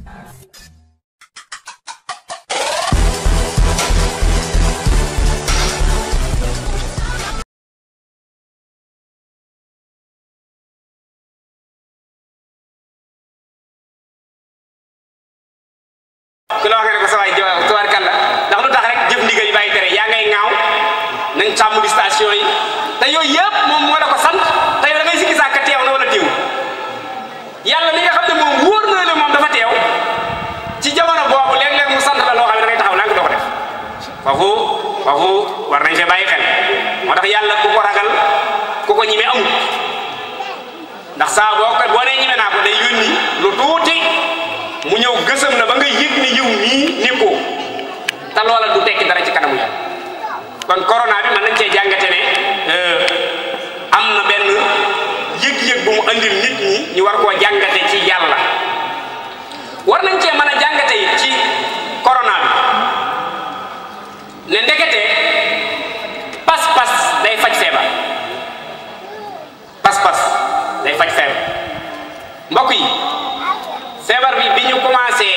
ku la waxee ne ko sa waay tubaarkal la ndax lu tax rek jëf ndigal yi bàyyi tere yaa ngay ŋaaw nañ sàmm di station yi te yooyu moom moo la ko sant tey da ngay sikki sàkka teew na wala teew yàlla kooku kooku war nañ fee bàyyi xel moo tax yàlla ku ko ragal ku ko ñime amul ndax saa boo ko boo nee ñime naa ko day yónni lu tuuti mu ñëw gësëm na ba nga yëg ni yow nii nekkoo te loola du tekki dara ci kanamu yàlla kon corona bi mën nañ cee jàngate ne euh, am na benn yëg-yëg bu mu andil nit ñi ñu war koo jàngate ci yàlla war nañ cee mën a jàngate ci corona ne ndekete pas-pas day faj feebar pas-pas day faj feebar mbokk yi feebar bi bi ñu commencé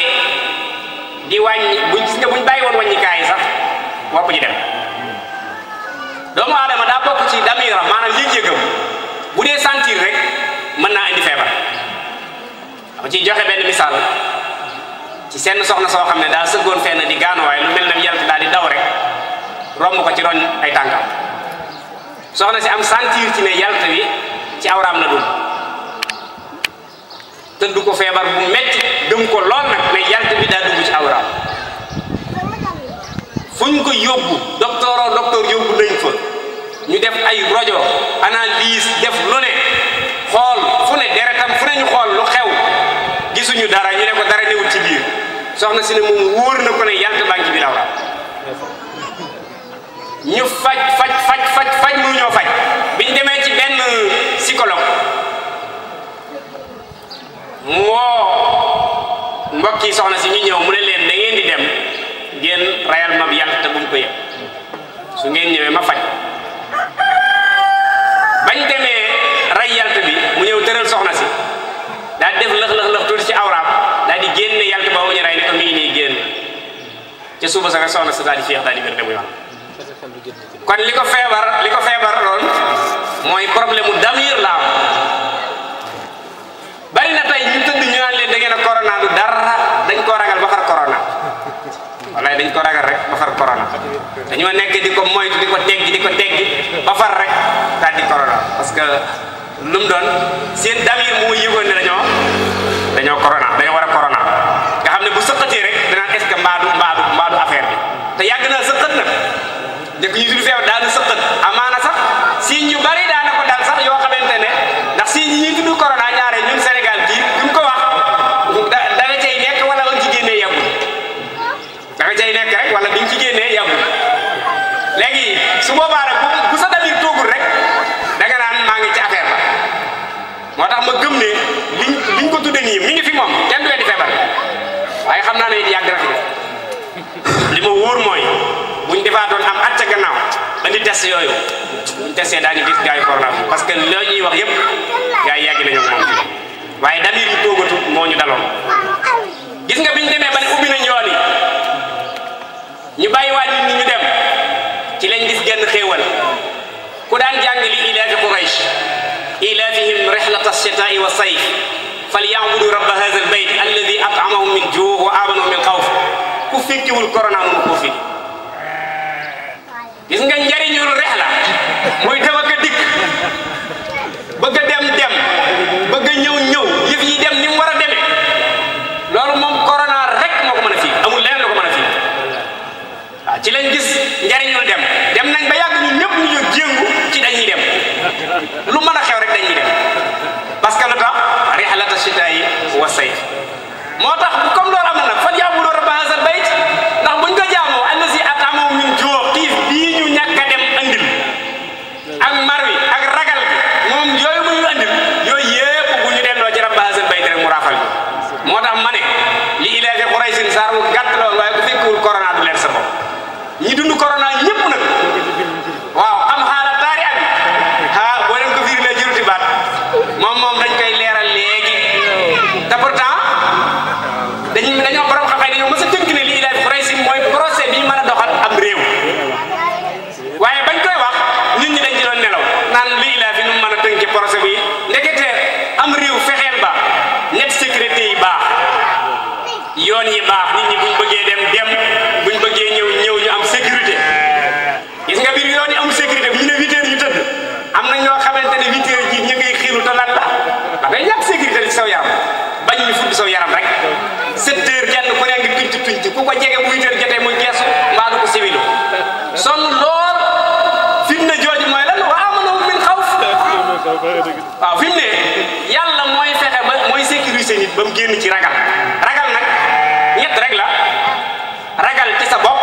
di wàññi bu gis nga buñ bàyyi woon wàññikaay yi sax wopp ji dem doomu aadama daa bokk ci damiram maanaam yëg-yëgam bu dee sentir rek mën naa indi feebar dama ciy joxe benn misaal ci seen soxna soo xam ne daa sëggoon fenn di gaano romb ko ci roñ ay tànkam soxna si am sentir ci ne yalt wi ci awraam la dul du ko feebar bu metti gëm ko lool nag ne yalt bi daa dugg ci awraam fu ñu ko yóbbu docteur docteur yóbbu nañ fa ñu def ay rajo analyse def lu ne xool fu ne deretam fu ne ñu xool lu xew gisuñu dara ñu ne ko dara newul ci biir soxna si ne moom wóor na ko ne yalt baa biir awraam ñu faj faj faj faj faj mu ñoo faj biñ demee ci benn psychologue mu woo yi soxna si ñu ñëw mu ne leen da ngeen di dem ngeen rayal ma bi yàlla te buñ ko yëg su ngeen ñëwee ma faj bañ demee ray yalt bi mu ñëw tëral soxna si daal def lëx lëx lëx tuuti ci awraam daal di génne yalt ba mu ñu ray ne ko mi ngi nii génn ca suba sa soxna sa daal di féex daal di wér kon li ko feebar li ko feebar loon mooy problème mu damir la am bari na tey ñu tëdd ñu naan leen da corona dañ koo ragal ba far corona wallaay dañ ko ragal rek ba far corona dañoo nekk di ko moytu di ko teggi di ko teggi ba far rek daal di corona parce que lu mu doon seen damir moo yëgoon ne dañoo corona dañoo war a corona nga xam ne bu sëqatee rek danaan est ce que mbaadu mbaadu mbaadu te yàgg naa sëqat nag de ko ñu tudd feebar daana sëqat amaana sax siiñ yu bari daana ko dal sax yoo xamante ne ndax siiñ yi ñuy tudd corona ñaare ñun Sénégal bii duñ ko wax dana cay nekk wala bañ ci génnee yàggul dana cay nekk rek wala biñ ci génnee yàggul léegi su boobaa rek bu sa damir toogul rek danga naan maa ngi ci affaire ba moo tax ma gëm ne liñ liñ ko tudde nii mi ngi fi moom kenn du weddi feebar waaye xam naa ne test yooyu gis gars que ñuy wax yëpp gars yàgg nga biñ demee ban ubbi nañ yoon yi ñu bàyyiwaat nit ñi ñu dem ci lañ gis genn xéewal ku daan jàng li ilaafi Quraysh ilaafihim rihlata ash-shitaa'i wa sayf falyabudu rabba hadha al-bayt alladi min juu' wa amanahum min xawf ku finkiwul corona mu ko fi gis nga njariñul rex la muy dem ak a dikk bëgg a dem dem bëgg a ñëw ñëw yëf yi dem ni mu war a demee loolu moom corona rek moo ko mën a fii amul leneen lu ko mën a fii waaw ci lañ gis njariñoo dem dem nañ ba yàgg ñun ñëpp ñu jóg jéngu ci dañuy dem lu mën a xew rek dañuy dem parce que lu tax rihlata shitaa'i wa armes génn ci ragal ragal nag ñett rek la ragal ci sa bopp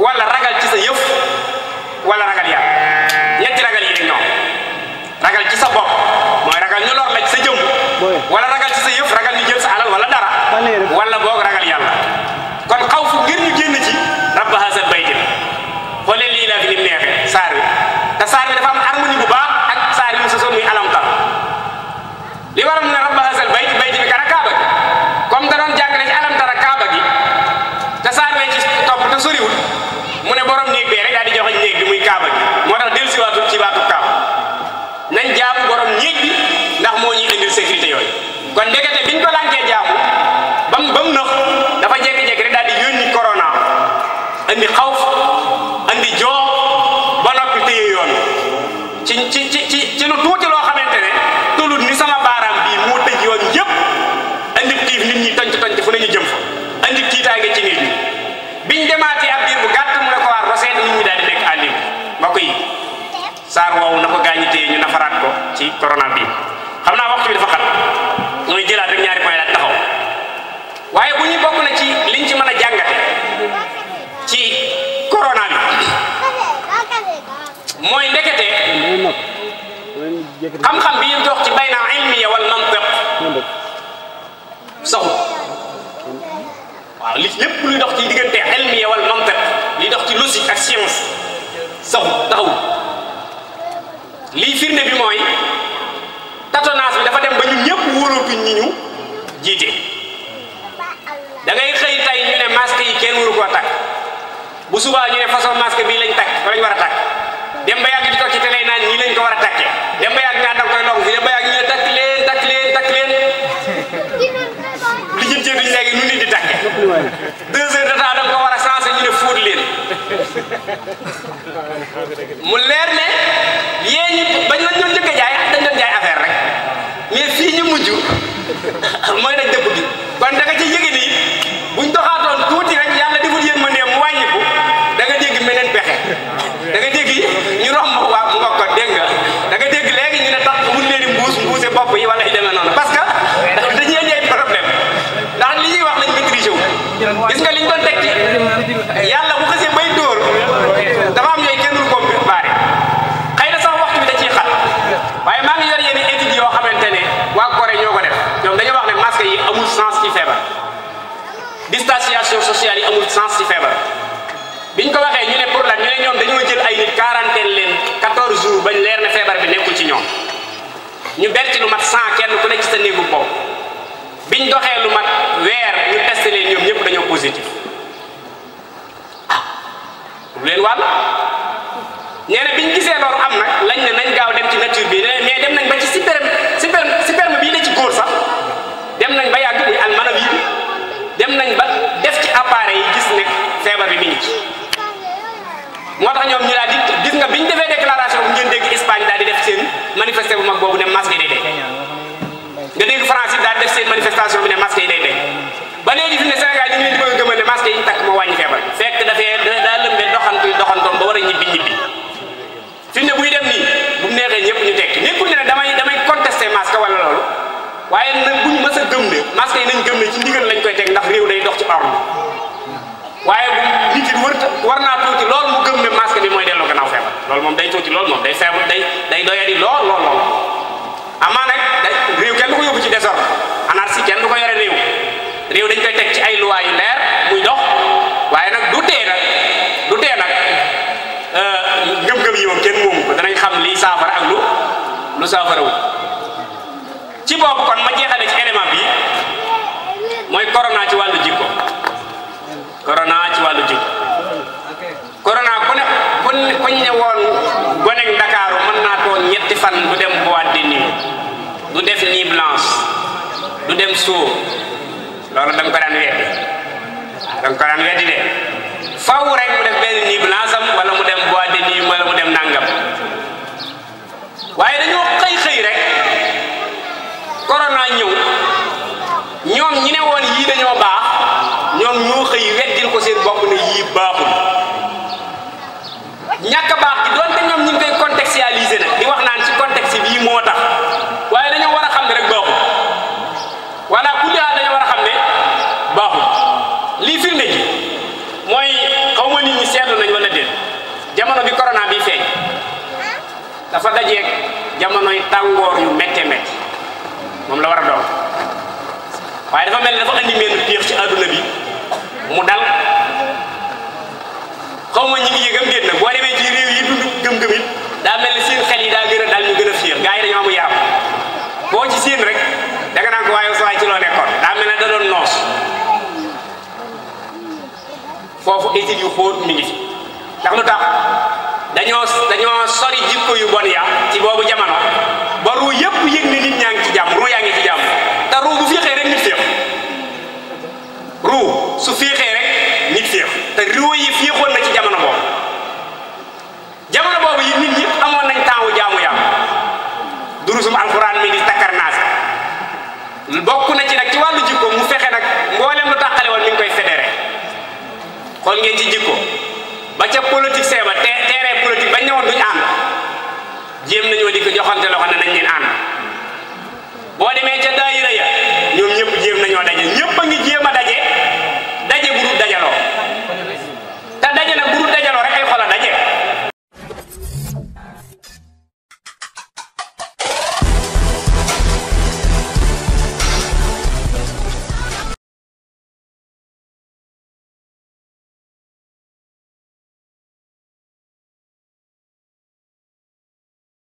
wala ragal ci sa yëf wala ragal yàlla ñetti ragal yi ñoom ragal ci sa bopp mooy ragal ñu lor la ci sa jëm wala ragal ci sa yëf ragal ñu jël sa alal wala dara wala boog ragal yàlla kon xaw fu ngir ñu génn ci rabb haasal bayti xoolee lii laa fi lim neexee saar wi te saar wi dafa am harmonie bu baax ak saar sosoon muy alamtar li waral mu nëx dafa jékki-jékki rek daal di yónni corona andi xawf andi joo ba noppi téye yoon ci ci ci ci ci lu tuuti loo xamante ne tulut ni sama baaraam bii moo tëj yoon yëpp andi tiif nit ñi tonc tonc fu ne ñu jëm fa andi tiitaange ci nit ñi biñ demaatee ab diir bu gàtt mu ne ko waar ba seet nit ñi daal di nekk àll yi saar woowu na ko gaañu téye ñu nafaraat ko ci corona bi xam naa waxtu bi dafa xat mooy jëlaat waaye bu ñu bokk na ci liñ ci mën jàngate ci corona bi mooy ndekete xam-xam bi ñu dox ci bayna ilmiya wal mantiq saxul waaw li lépp luy dox ci diggante ilmiya wal mantiq li dox ci lusi ak science saxul taxawul lii firnde bi mooy tatonnage bi dafa dem ba ñun ñëpp wóolootuñ ñi ñu jiite. da ngay xëy tay ñu ne masque yi kenn waru koo takk bu subaa ñu ne façon masque bii lañ takk fa lañ war a takk dem ba yàgg di toog ci télé naan ñii lañ ko war a takkee dem ba yàgg naan da nga koy doog fi dem ba yàgg ñu ne takk leen takk leen takk leen li jëm jëm léegi ñu nit di takkee deux heures de temps da nga ko war a sensé ñu ne fóot leen mu leer ne yéen ñi bañ la doon njëkk a jaay dañ doon jaay affaire rek mais fii ñu mujj mooy nag dëpp bi kon da nga ci yëge nii buñ doxal distanciation sociale yi amul sens ci feebar biñ ko waxee ñu ne pour la ñu ne ñoom dañoo jël ay nit quarantaine leen 14 jours bañ leer na feebar bi nekkul ci ñoom ñu ber lu mat 100 kenn ku ne ci sa néegu bopp biñ doxee lu mat weer ñu testé leen ñoom ñëpp dañoo positif ah lu leen wàll nee na biñ gisee loolu am nag lañ ne nañ gaaw dem ci nature bi ne ñoom ñu daal di gis nga bi ñu defee déclaration bu ngeen dégg Espagne daal di def seen manifesté bu mag boobu ne masque yi day day nga dégg France yi daal def seen manifestation bi ne masque yi day day ba a gëmal ne masque yi ñu takk moo wàññi feebar fekk dafee daa lëmbe doxantu doxantoom war a ñibbi ñibbi fi ne buy dem nii bu neexee ñëpp ñu tekki nekkul ne damay damay contesté masque wala loolu waaye nag buñ mës a gëm ne masque yi nañ gëm ne ci ndigal lañ koy teg ndax réew day dox ci ordre waaye jullit wërta war naa tuuti loolu mu gëm ne masque bi mooy delloo gannaaw feebar loolu moom day tuuti loolu moom day feebar day day doyadi lool lool lool amaa nag day réew kenn du ko yóbbu ci désordre anarchie kenn du ko yore réew réew dañ koy teg ci ay luwaa leer muy dox waaye nag du tee nag du tee nag euh, ngëm-ngëm yi moom kenn moomu ko danañ xam lii saafara ak lu lu saafarawul ci boobu kon ma jeexale ci élément bi mooy corona ci wàllu jikko corona ci wàllu jub corona ku ne ku ñu ne ndakaaru mën naa ñetti fan du dem boîte de nuit du def nuit blanche du dem sóor loolu da nga ko de faw rek mu def benn nuit blanche am wala mu dem boîte de nuit wala mu dem nangam waaye dañoo xëy xëy rek corona ñëw idéaliser nag di wax naan ci contexte bii moo tax waaye dañoo war a xam ne rek baaxul wala ku daal war a xam ne lii firnde ji mooy xaw ma nit ñi seetlu nañ wala déet jamono bi corona bi feeñ dafa dajeeg jamonoy tàngoor yu métte métti moom la war a doon waaye dafa mel ni dafa andi mel piir ci àdduna bi mu dal xaw ma ñi ngi yëgam déet nag boo demee ci réew yi dund gëm-gëm daa mel bu yaatu boo ci siin rek danga naan ko waaye sa waay ci loo nekkoon daa mel ne da doon noos foofu étude yu xóot mi dañoo dañoo sori jikko yu ci boobu jamono ba ruu yépp yëg ne nit ñaa ngi ci jàmm ruu yaa ngi ci jàmm te ruu bu féexee rek nit féex ruu su féexee rek nit féex te ruu yi féexoon na